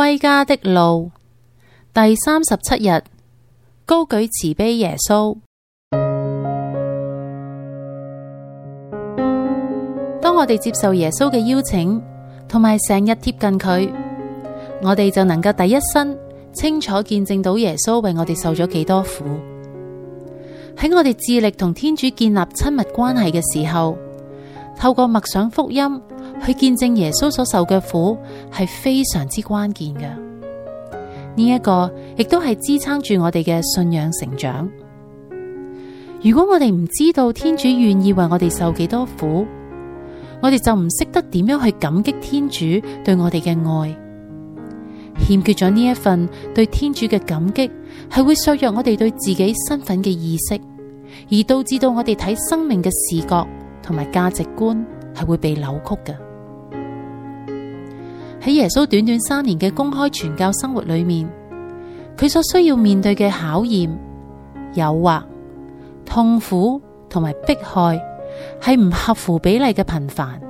歸家的路，第三十七日，高舉慈悲耶穌。當我哋接受耶穌嘅邀請，同埋成日貼近佢，我哋就能夠第一身清楚見證到耶穌為我哋受咗幾多苦。喺我哋致力同天主建立親密關係嘅時候，透過默想福音。去見證耶穌所受嘅苦係非常之關鍵嘅，呢一個亦都係支撐住我哋嘅信仰成長。如果我哋唔知道天主願意為我哋受幾多苦，我哋就唔識得點樣去感激天主對我哋嘅愛。欠缺咗呢一份對天主嘅感激，係會削弱我哋對自己身份嘅意識，而導致到我哋睇生命嘅視覺同埋價值觀係會被扭曲嘅。喺耶穌短短三年嘅公開傳教生活裏面，佢所需要面對嘅考驗、誘惑、痛苦同埋迫害，係唔合乎比例嘅頻繁。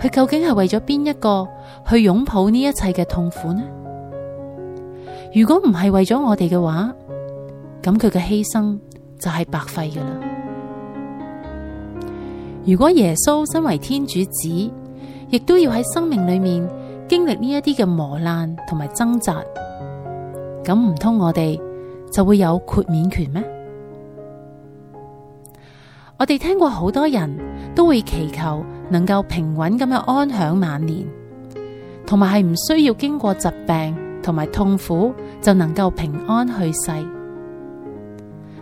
佢究竟係為咗邊一個去擁抱呢一切嘅痛苦呢？如果唔係為咗我哋嘅話，咁佢嘅犧牲就係白費㗎喇。如果耶穌身為天主子，亦都要喺生命裏面經歷呢一啲嘅磨難同埋掙扎，咁唔通我哋就會有豁免權咩？我哋聽過好多人都會祈求能夠平穩咁樣安享晚年，同埋係唔需要經過疾病同埋痛苦就能夠平安去世。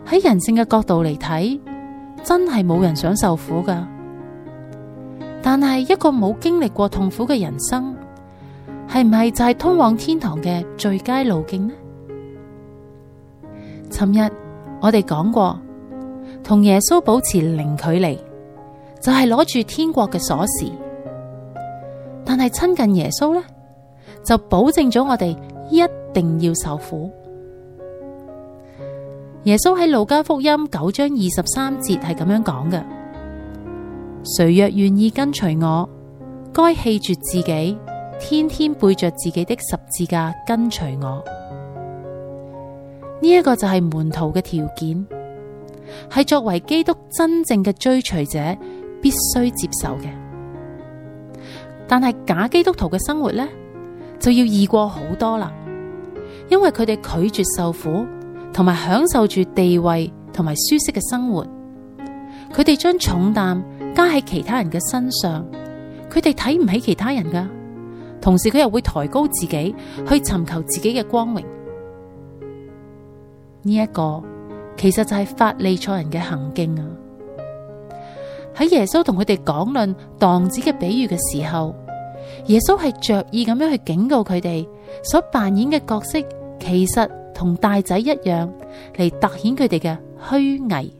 喺人性嘅角度嚟睇，真係冇人想受苦㗎。但係一個冇經歷過痛苦嘅人生，係唔係就係通往天堂嘅最佳路徑呢？尋日我哋講過，同耶穌保持零距離，就係攞住天國嘅鎖匙。但係親近耶穌呢，就保證咗我哋一定要受苦。耶穌喺路加福音九章二十三節係咁樣講嘅。誰若願意跟隨我，該棄絕自己，天天背着自己的十字架跟隨我。呢、這、一個就係門徒嘅條件，係作為基督真正嘅追隨者必須接受嘅。但係假基督徒嘅生活呢，就要易過好多啦，因為佢哋拒絕受苦，同埋享受住地位同埋舒適嘅生活，佢哋將重擔加喺其他人嘅身上，佢哋睇唔起其他人噶。同時佢又會抬高自己去尋求自己嘅光榮。呢、這、一個其實就係法利賽人嘅行徑啊！喺耶穌同佢哋講論蕩子嘅比喻嘅時候，耶穌係着意咁樣去警告佢哋，所扮演嘅角色其實同大仔一樣，嚟凸顯佢哋嘅虛偽。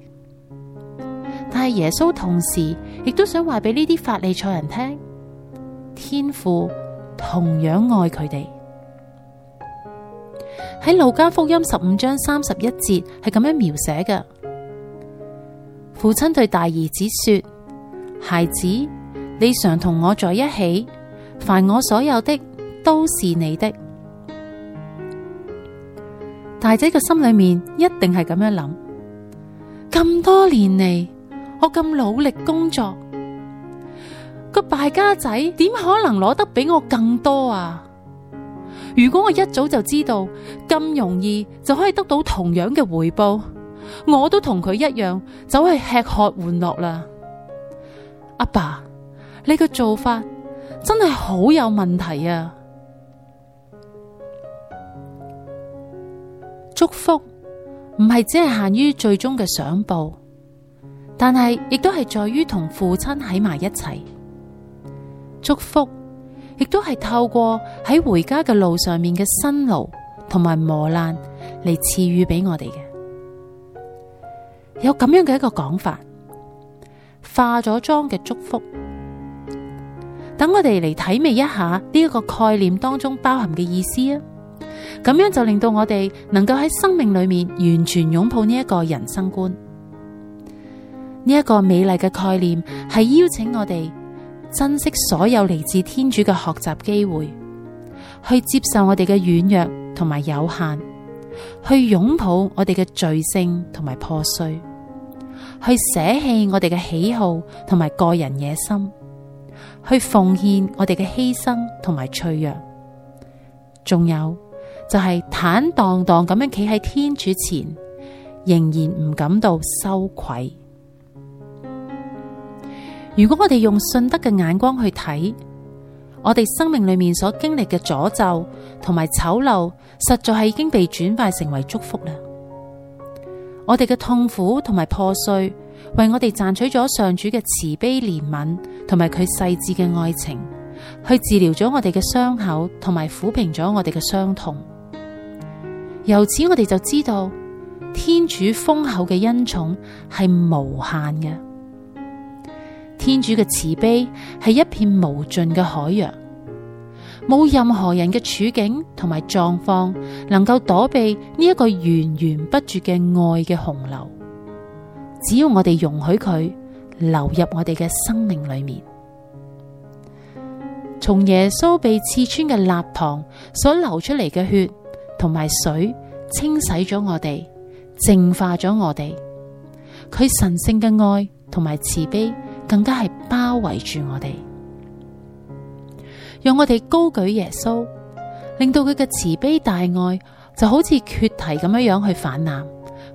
但係耶穌同時，亦都想話俾呢啲法利賽人聽，天父同樣愛佢哋。喺《路加福音》十五章三十一節係咁樣描寫嘅：父親對大兒子說：孩子，你常同我在一起，凡我所有的都是你的。大仔嘅心裏面一定係咁樣諗，咁多年嚟。我咁努力工作，個敗家仔點可能攞得比我更多啊？如果我一早就知道咁容易就可以得到同樣嘅回報，我都同佢一樣走去吃喝玩樂啦。阿爸，你個做法真係好有問題啊！祝福唔係只係限於最終嘅賞報。但係，亦都係在於同父親喺埋一齊，祝福亦都係透過喺回家嘅路上面嘅辛勞同埋磨難嚟賜予俾我哋嘅。有咁樣嘅一個講法，化咗妝嘅祝福，等我哋嚟體味一下呢一個概念當中包含嘅意思啊！咁樣就令到我哋能夠喺生命裏面完全擁抱呢一個人生觀。呢一個美麗嘅概念，係邀請我哋珍惜所有嚟自天主嘅學習機會，去接受我哋嘅軟弱同埋有限，去擁抱我哋嘅罪性同埋破碎，去捨棄我哋嘅喜好同埋個人野心，去奉獻我哋嘅犧牲同埋脆弱，仲有就係坦蕩蕩咁樣企喺天主前，仍然唔感到羞愧。如果我哋用信德嘅眼光去睇，我哋生命裏面所經歷嘅詛咒同埋醜陋，實在係已經被轉化成為祝福啦。我哋嘅痛苦同埋破碎，為我哋賺取咗上主嘅慈悲憐憫同埋佢細緻嘅愛情，去治療咗我哋嘅傷口，同埋撫平咗我哋嘅傷痛。由此我哋就知道，天主豐厚嘅恩寵係無限嘅。天主嘅慈悲係一片無盡嘅海洋，冇任何人嘅處境同埋狀況能夠躲避呢一個源源不絕嘅愛嘅洪流。只要我哋容許佢流入我哋嘅生命裏面，從耶穌被刺穿嘅肋旁所流出嚟嘅血同埋水，清洗咗我哋，淨化咗我哋，佢神聖嘅愛同埋慈悲。更加係包圍住我哋，讓我哋高舉耶穌，令到佢嘅慈悲大愛就好似決堤咁樣樣去泛濫，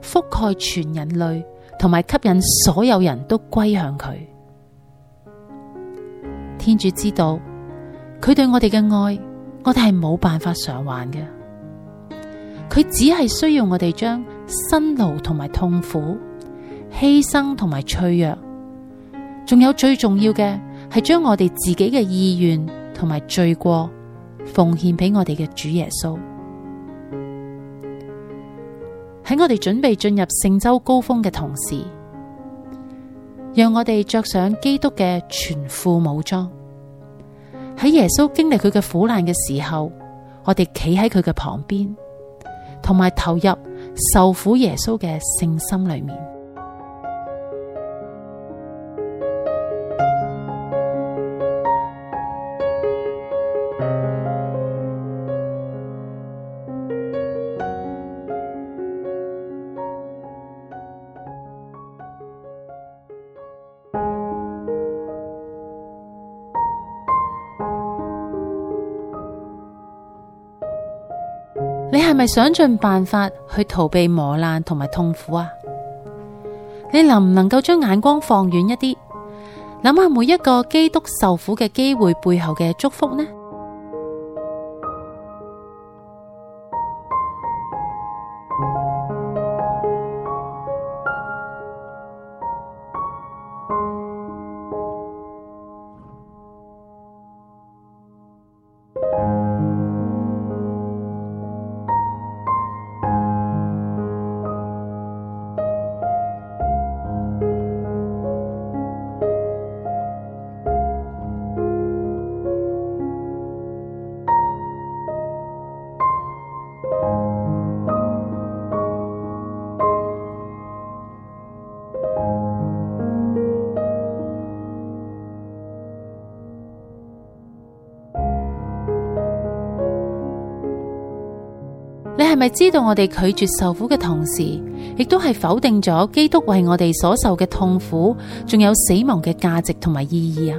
覆蓋全人類，同埋吸引所有人都歸向佢。天主知道佢對我哋嘅愛，我哋係冇辦法償還嘅。佢只係需要我哋將辛勞同埋痛苦、犧牲同埋脆弱。仲有最重要嘅係將我哋自己嘅意願同埋罪過奉獻俾我哋嘅主耶穌。喺我哋準備進入聖週高峰嘅同時，讓我哋着上基督嘅全副武裝。喺耶穌經歷佢嘅苦難嘅時候，我哋企喺佢嘅旁邊，同埋投入受苦耶穌嘅聖心裏面。你係咪想盡辦法去逃避磨難同埋痛苦啊？你能唔能夠將眼光放遠一啲，諗下每一個基督受苦嘅機會背後嘅祝福呢？係咪知道我哋拒絕受苦嘅同時，亦都係否定咗基督為我哋所受嘅痛苦，仲有死亡嘅價值同埋意義啊？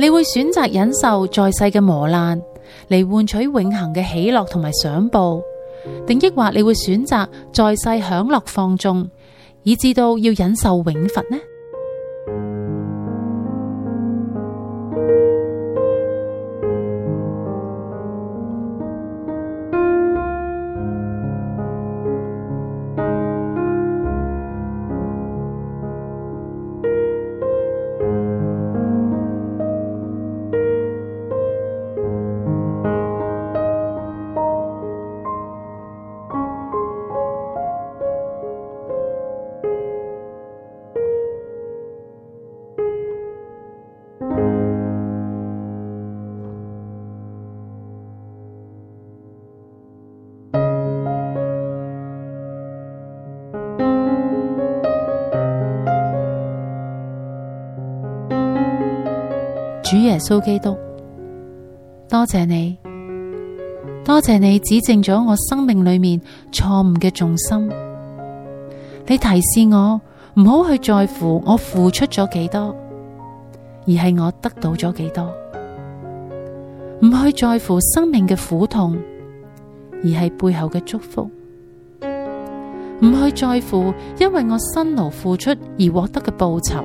你會選擇忍受在世嘅磨難，嚟換取永恆嘅喜樂同埋償報，定抑或你會選擇在世享樂放縱，以致到要忍受永罰呢？主耶穌基督，多謝你，多謝你指正咗我生命裏面錯誤嘅重心。你提示我唔好去在乎我付出咗幾多，而係我得到咗幾多。唔去在乎生命嘅苦痛，而係背後嘅祝福。唔去在乎因為我辛勞付出而獲得嘅報酬，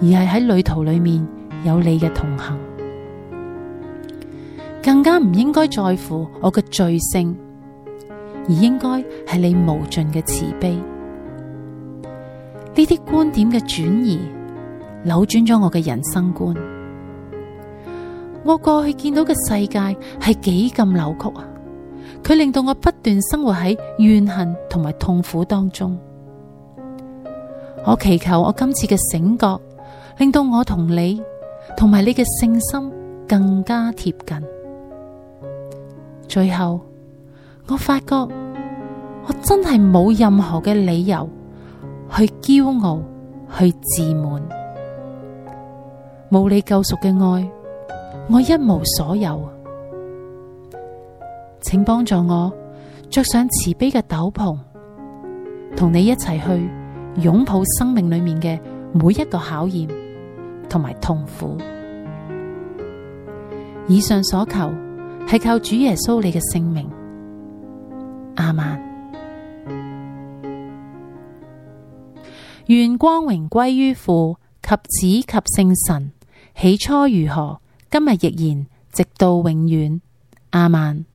而係喺旅途裏面。有你嘅同行，更加唔應該在乎我嘅罪性，而應該係你無盡嘅慈悲。呢啲觀點嘅轉移，扭轉咗我嘅人生觀。我過去見到嘅世界係幾咁扭曲啊！佢令到我不斷生活喺怨恨同埋痛苦當中。我祈求我今次嘅醒覺，令到我同你。同埋你嘅聖心更加貼近。最後，我發覺我真係冇任何嘅理由去驕傲、去自滿。冇你救贖嘅愛，我一無所有。請幫助我着上慈悲嘅斗篷，同你一齊去擁抱生命裏面嘅每一個考驗。同埋痛苦，以上所求係靠主耶穌你嘅聖名。亞孟，願光榮歸於父及子及聖神，起初如何，今日亦然，直到永遠。亞孟。